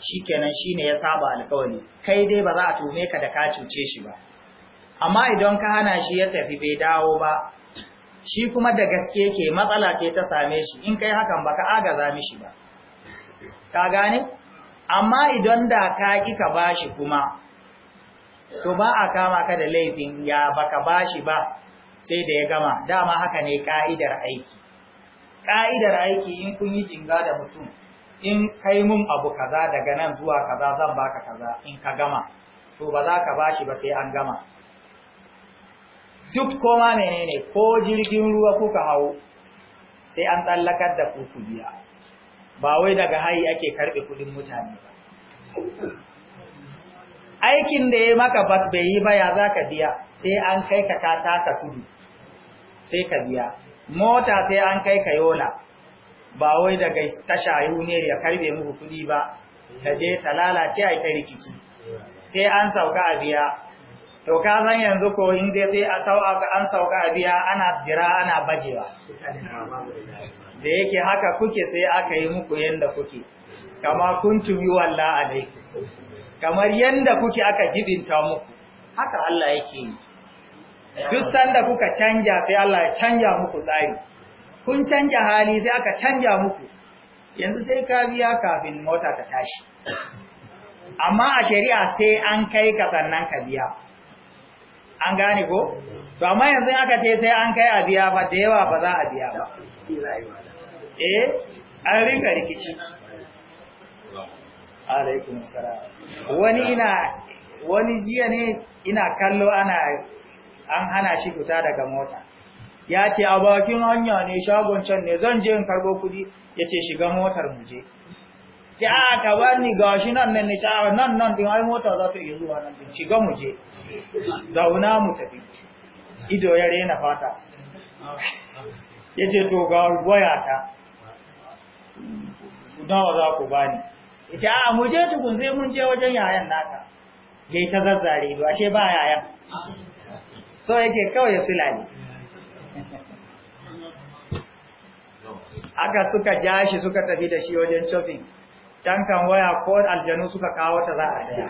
S1: shi kenan shi ne ya saba alkawari kai dai ba za a tuhume ka da ka cuce shi ba amma idan ka hana shi ya tafi bai dawo ba shi kuma da gaske ke matsala ce ta same shi in kai hakan ba ka agaza mishi ba ka gane amma idan da ka kika ka bashi kuma to ba a kama ka da laifin ya baka bashi ba sai da ya gama dama haka ne ka'idar aiki ka'idar aiki in kun yi jinga da mutum in kai mun abu kaza daga nan zuwa kaza zan baka kaza in ka gama to ba za ka bashi ba sai an gama duk koma menene ko jirgin ruwa kuka hau sai an tsallakar da kuku biya ba wai daga hayi ake karbe kudin mutane ba aikin da ya maka ba bai yi ba ya zaka biya sai an kai ka ka tudu sai ka biya mota sai an kai ka yola ba wai daga tasha ne ya karbe muku kudi ba ka je ta lalace a ta rikici sai an sauka a biya to ka san yanzu ko in dai sai a sauka an sauka a biya ana jira ana bajewa da yake haka kuke sai aka yi muku yanda kuke kama walla a alaikum kamar yanda kuke aka jibinta muku haka Allah yake yi duk sanda kuka canja sai Allah ya canja muku tsari kun canja hali sai aka canja muku yanzu sai ka biya kafin mota ta tashi amma a shari'a sai an kai ka sannan ka biya an gane ko to amma yanzu aka ce sai an kai a biya ba da yawa ba za a biya ba eh an rinka rikici alaikum salam wani ina wani jiya ne ina kallo ana an hana shi fita daga mota ya ce a bakin hanya ne shagon can ne zan je in karbo kudi ya ce shiga motar mu je ce a ka bar ni gashi nan nan ne ta nan nan din ai mota za ta iya zuwa nan din shiga mu je zauna mu tafi ido ya rena fata ya ce to ga ta. nawa za ku bani ita a muje je tukun sai mun je wajen yayan naka yi ta zazzare ba ashe ba yayan so yake kawai ya aka suka ja shi suka tafi da shi wajen shopping can kan waya ko aljanu suka kawo ta za a saya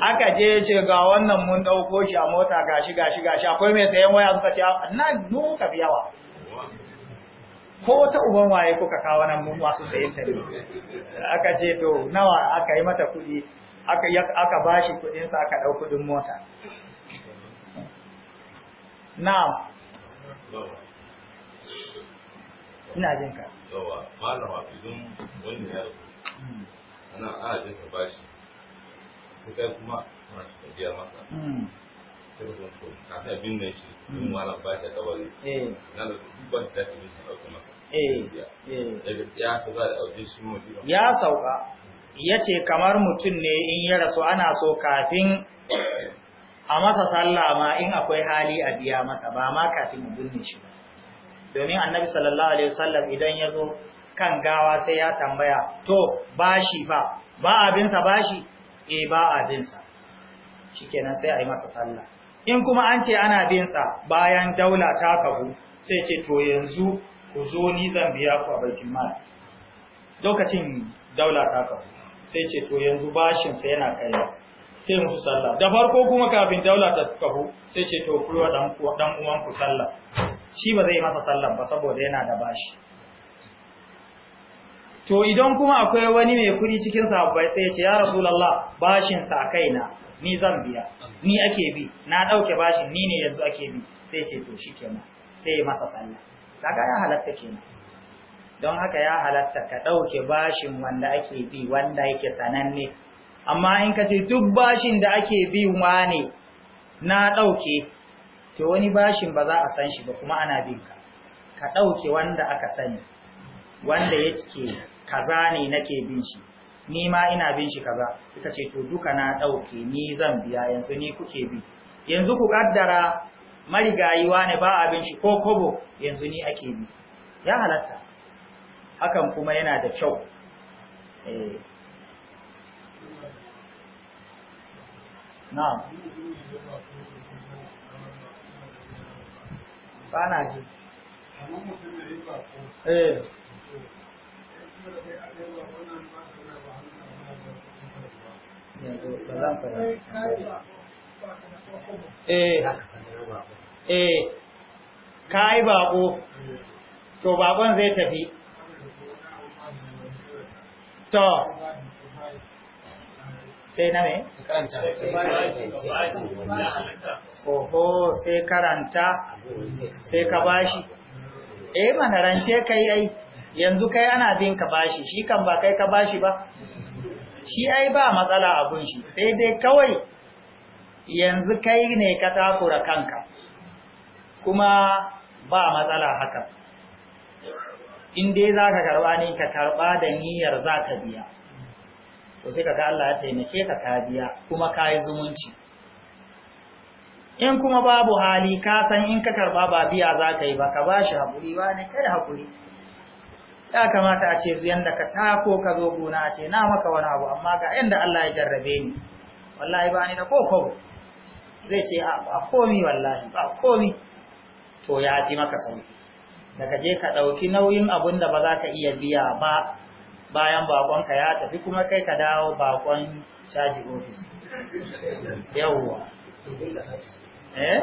S1: aka je ce ga wannan mun dauko shi a mota gashi gashi gashi akwai mai sayan waya suka ce na nuka fi yawa ko wata uban waye kuka kawo nan mun wasu sayen ta ne aka ce to nawa aka yi mata kuɗi aka aka bashi kuɗin sa aka dau kuɗin mota na'am ina jin ka yawa malama idan wanda ya rubu hmm. ana ana jinsa bashi sai kai kuma ana biya masa hmm. Eh. ya sauka ya ce kamar mutum ne in ya rasu ana so kafin a masa sallah ma in akwai hali a biya masa ba ma kafin mu binne shi ba domin annabi sallallahu alaihi wasallam idan ya zo kan gawa sai ya tambaya to bashi ba ba abinsa bashi eh ba abinsa shikenan sai a yi masa sallah in kuma an ce ana binsa bayan daula ta kafu sai ce to yanzu ku zo ni zan biya ku a baitul mal lokacin daula ta kafu sai ce to yanzu bashin sa yana kai sai musu sallah da farko kuma kafin daula ta kafu sai ce to ku wa dan dan uwan ku sallah shi ba zai masa sallah ba saboda yana da bashi to idan kuma akwai wani mai kudi cikin bai sai ya ce ya rasulullah bashin sa kaina ni zan biya ni ake bi na ɗauke bashin ni ne yanzu ake bi sai ce to shikenan kenan sai masa sallah kaga ya halatta kenan don haka ya halatta ka ɗauke bashin wanda ake bi wanda yake sananne amma in ka ce duk bashin da ake bi ne na ɗauke to wani bashin ba za a san shi ba kuma ana bin ka ka ɗauke wanda aka sani wanda yake kaza ne nake bin shi ni ma ina bin shi kaza suka ce to duka na ɗauke ni zan biya yanzu ni kuke bi yanzu ku kaddara marigayiwa ne ba abin shi ko kobo yanzu ni ake bi ya halatta hakan kuma yana da kyau
S2: eh Eh.
S1: eh ka kai to bakon zai tafi to sai na me? oho sai karanta sai ka bashi eh mana rance yi ai yanzu kai ana bin ka bashi shi kan ba kai ka bashi ba shi ai ba matsala abun shi sai dai kawai yanzu kai ne ka takura kanka kuma ba matsala haka in dai za ka karɓa ne ka karɓa da niyyar za ka biya to sai ka ga Allah ya taimake ka ka biya kuma ka yi zumunci in kuma babu hali ka san in ka karba ba biya za ka yi ba ka ba shi haƙuri ne kai haƙuri ya kamata a ce yanda ka tako ka zo guna a ce na maka wani abu amma ga yanda Allah ya jarrabe ni wallahi ba ni da koko zai ce a komi wallahi ba komi to ya fi maka sauki daga je ka ɗauki nauyin abun da ba za ka iya biya ba bayan bakonka ya tafi kuma kai ka dawo bakon caji ofis yawwa eh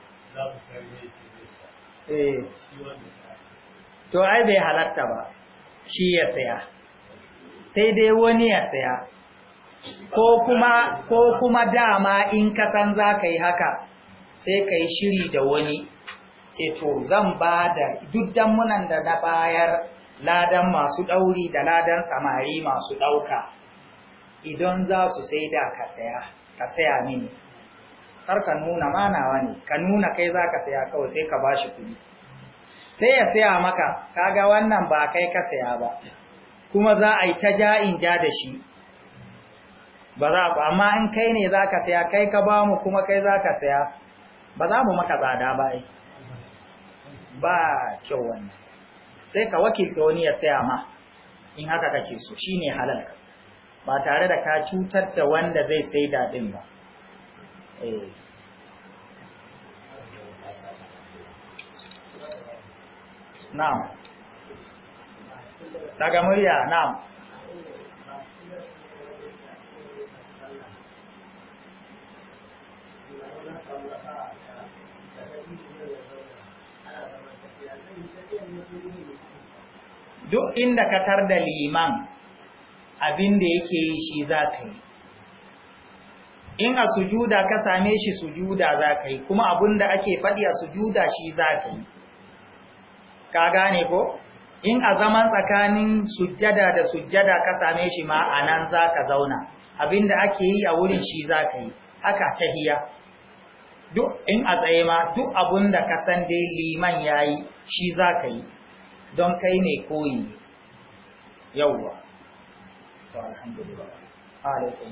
S1: Eh. to ai bai halatta ba shi ya saya sai dai wani ya saya ko kuma ko kuma dama in ka san za ka yi haka sai ka yi shiri da wani ce to zan ba da duk dammunan da na bayar ladan masu ɗauri da ladan samari masu ɗauka idan za su sai da ka saya ka saya mini Kar ka nuna manawa ne ka nuna kai za ka saya kawai sai ka bashi kuɗi sai ya saya maka kaga wannan ba kai ka saya ba kuma za a yi ta ja'in ja da shi ba za ku amma in kai ne za ka saya kai ka ba mu kuma kai za ka saya ba za mu maka tsada ba yi. ba kyau wannan sai ka wakilta wani ya saya ma in haka kake so shi ne halal ba tare da ka cutar da wanda zai sai daɗin ba Eh. na'am
S2: daga murya na'am
S1: duk inda ka tar da liman abin da yake yi shi za ka yi in a sujuda ka same shi sujuda za ka yi kuma abinda ake faɗi a sujuda shi za ka yi ka gane ko in a zaman tsakanin sujada da sujada ka same shi ma a nan za ka zauna abinda ake yi a wurin shi za ka yi haka hiya duk in a tsaye ma duk abinda ka san dai liman ya yi shi za ka yi don kai mai koyi yauwa to alhamdulillah alaikum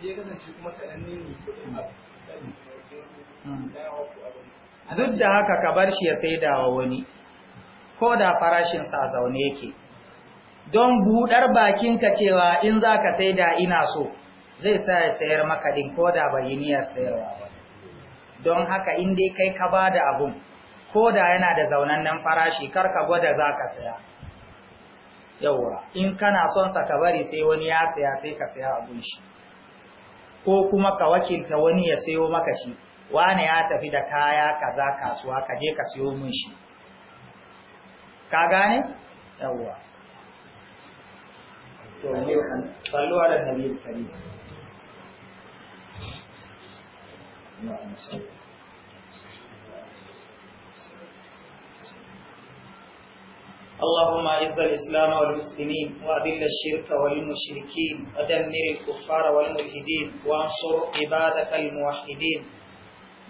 S1: Hmm.
S2: Hmm. duk da haka ka bar shi
S1: ya saida wa wani ko da farashinsa sa zaune yake don buɗar bakinka cewa in za ka saida ina so zai sa ya sayar maka din ko da bayaniyar niyyar sayarwa ba don haka in dai kai ka ba da abun ko da yana da zaunannen farashi kar ka gwada za ka saya yauwa in kana son sa ka bari sai wani ya saya sai ka saya abun shi ko kuma ka wakilta wani ya sayo maka shi wane ya tafi da kaya kaza kasuwa ka je ka sayo mun shi ka gane yawwa to ne sallu ala alaihi wasallam اللهم اعز الاسلام والمسلمين واذل الشرك والمشركين ودمر الكفار والملحدين وانصر عبادك الموحدين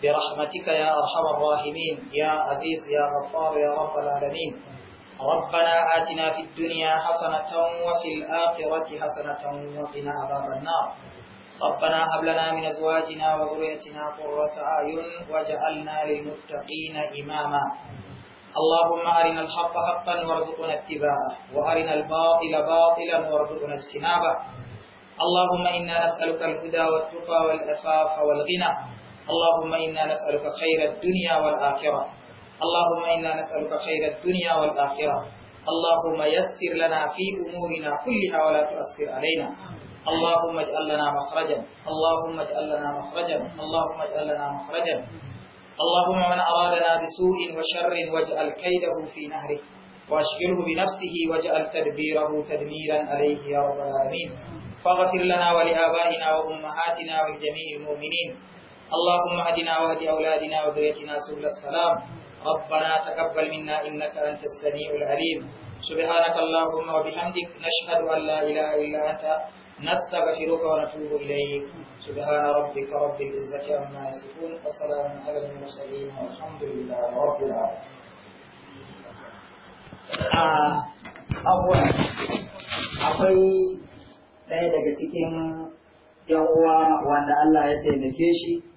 S1: برحمتك يا ارحم الراحمين يا عزيز يا غفار يا رب العالمين ربنا آتنا في الدنيا حسنة وفي الآخرة حسنة وقنا عذاب النار ربنا هب لنا من أزواجنا وذريتنا قرة أعين واجعلنا للمتقين إماما اللهم أرنا الحق حقا وارزقنا اتباعه وأرنا الباطل باطلا وارزقنا اجتنابه اللهم إنا نسألك الهدى والتقى والأفاف والغنى اللهم إنا نسألك خير الدنيا والآخرة اللهم إنا نسألك خير الدنيا والآخرة اللهم يسر لنا في أمورنا كلها ولا تؤثر علينا اللهم اجعل لنا مخرجا اللهم اجعل لنا مخرجا اللهم اجعل لنا مخرجا اللهم من أرادنا بسوء وشر واجعل كيده في نهره واشغله بنفسه واجعل تدبيره تدميرا عليه يا رب العالمين فاغفر لنا ولآبائنا وأمهاتنا ولجميع المؤمنين اللهم اهدنا واهد أولادنا وذريتنا سبل السلام ربنا تقبل منا إنك أنت السميع العليم سبحانك اللهم وبحمدك نشهد أن لا إله إلا أنت نستغفرك ونتوب إليك سبحان ربك رب العزة عما يصفون وسلام على المرسلين والحمد لله رب العالمين abuwan akwai ɗaya daga cikin yan uwa wanda Allah ya
S2: taimake shi